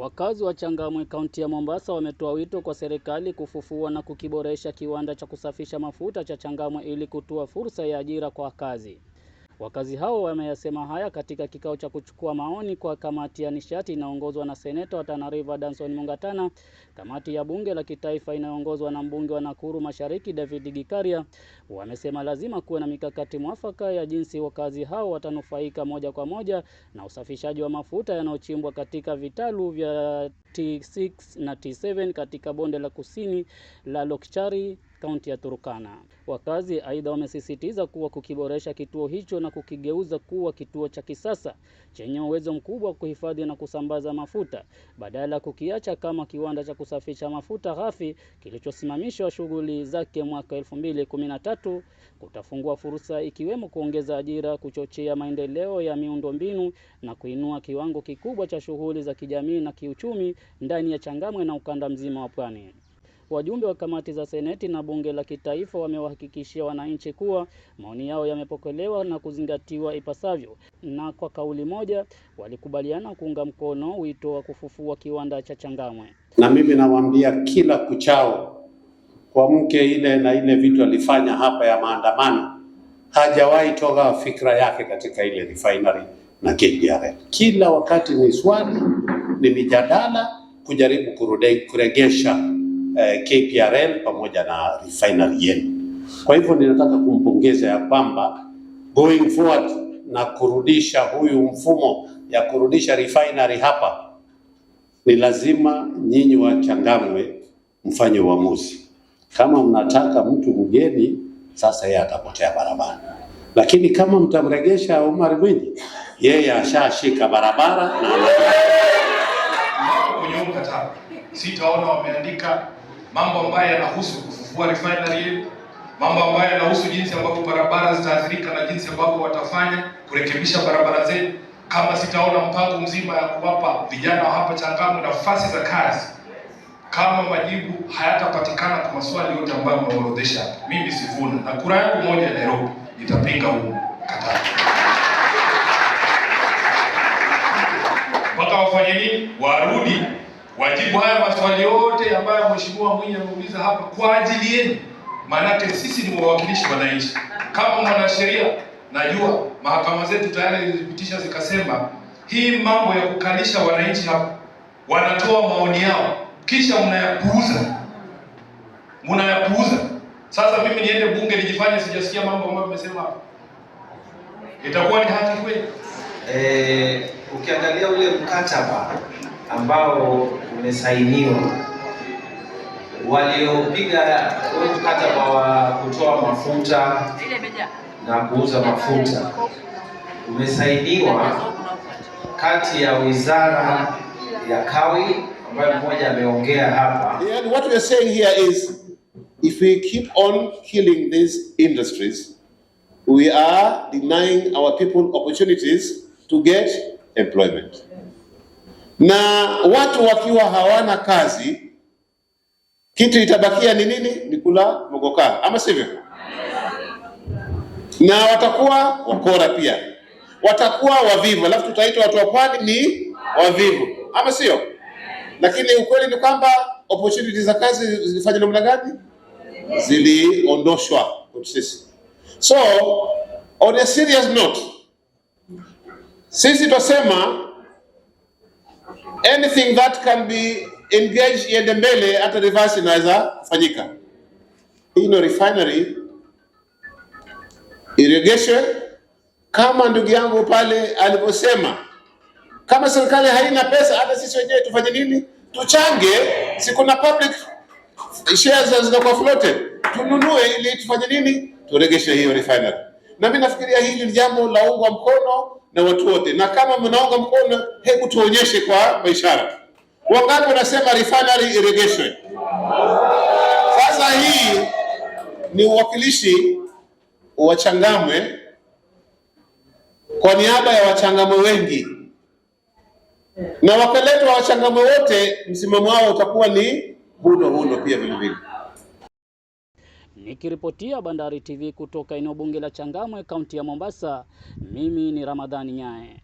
Wakazi wa Changamwe kaunti ya Mombasa wametoa wito kwa serikali kufufua na kukiboresha kiwanda cha kusafisha mafuta cha Changamwe ili kutoa fursa ya ajira kwa wakazi. Wakazi hao wameyasema haya katika kikao cha kuchukua maoni kwa kamati ya nishati inayoongozwa na seneta wa Tana River Danson Mungatana, kamati ya bunge la kitaifa inayoongozwa na mbunge wa Nakuru Mashariki David Gikaria. Wamesema lazima kuwe na mikakati mwafaka ya jinsi wakazi hao watanufaika moja kwa moja na usafishaji wa mafuta yanayochimbwa katika vitalu vya T6 na T7 katika bonde la kusini la Lokchari kaunti ya Turkana. Wakazi aidha wamesisitiza kuwa kukiboresha kituo hicho na kukigeuza kuwa kituo cha kisasa chenye uwezo mkubwa wa kuhifadhi na kusambaza mafuta badala ya kukiacha kama kiwanda cha kusafisha mafuta ghafi kilichosimamishwa shughuli zake mwaka 2013 kutafungua fursa ikiwemo kuongeza ajira, kuchochea maendeleo ya miundombinu na kuinua kiwango kikubwa cha shughuli za kijamii na kiuchumi ndani ya Changamwe na ukanda mzima wa Pwani. Wajumbe wa kamati za Seneti na Bunge la Kitaifa wamewahakikishia wananchi kuwa maoni yao yamepokelewa na kuzingatiwa ipasavyo, na kwa kauli moja walikubaliana kuunga mkono wito wa kufufua kiwanda cha Changamwe. Na mimi nawaambia kila kuchao, kwa mke ile na ile vitu alifanya hapa ya maandamano, hajawahi toka fikra yake katika ile refinery na KGR. Kila wakati ni swali, ni mijadala kujaribu kuregesha eh, KPRL pamoja na refinery yenu. Kwa hivyo ninataka kumpongeza ya kwamba going forward na kurudisha huyu mfumo ya kurudisha refinery hapa, ni lazima nyinyi wa Changamwe mfanye uamuzi. Kama mnataka mtu mgeni, sasa yeye atapotea barabara, lakini kama mtamregesha Omar Mwinyi, yeye ashashika barabara na kwenye mkataba sitaona wameandika mambo ambayo yanahusu kufufua refinery yetu, mambo ambayo yanahusu jinsi ambavyo barabara zitaathirika na jinsi ambavyo watafanya kurekebisha barabara zetu. Kama sitaona mpango mzima ya kuwapa vijana wa hapa Changamwe nafasi za kazi, kama majibu hayatapatikana kwa maswali yote ambayo mmeorodhesha, mimi sivuna na kura yangu moja ya Nairobi itapinga huu mkataba. Mpaka wafanye nini? Warudi wajibu haya maswali yote ambayo Mheshimiwa Mwinyi ameuliza hapa kwa ajili yenu, maanake sisi ni wawakilishi wananchi. Kama mwanasheria, najua mahakama zetu tayari zilipitisha zikasema, hii mambo ya kukalisha wananchi hapa, wanatoa maoni yao kisha mnayapuuza, mnayapuuza. Sasa mimi niende bunge nijifanye sijasikia mambo ambayo mmesema hapa, itakuwa ni haki kweli? Eh, ukiangalia ule mkataba ambao umesainiwa waliopiga mkataba wa kutoa mafuta na kuuza mafuta umesainiwa kati ya wizara ya kawi ambayo mmoja ameongea hapa. And what we are saying here is if we keep on killing these industries we are denying our people opportunities to get employment na watu wakiwa hawana kazi, kitu itabakia ni nini? Ni kula mogokaa, ama sivyo? Na watakuwa wakora pia, watakuwa wavivu, alafu tutaitwa watu wa pwani ni wavivu, ama sio? Lakini ukweli ni kwamba opportunity za kazi zilifanya namna gani? Ziliondoshwa kwetu sisi. So on a serious note, sisi twasema anything that can be engaged iende mbele, hata reverse inaweza kufanyika. Hii no refinery irrigation, kama ndugu yangu pale aliposema, Kama serikali haina pesa, hata sisi wenyewe tufanye nini? Tuchange, si kuna public shares zinakuwa floated, tununue ili tufanye nini? Turegeshe hiyo refinery na mimi nafikiria hili ni jambo laungwa mkono na watu wote, na kama mnaunga mkono, hebu tuonyeshe kwa ishara. Wangapi wanasema refinery irrigation? Sasa hii ni uwakilishi wa Changamwe kwa niaba ya Wachangamwe wengi, na wakaletwa Wachangamwe wote, msimamo wao utakuwa ni buno huno pia vilevile. Nikiripotia Bandari TV kutoka eneo bunge la Changamwe, kaunti ya Mombasa, mimi ni Ramadhani Nyae.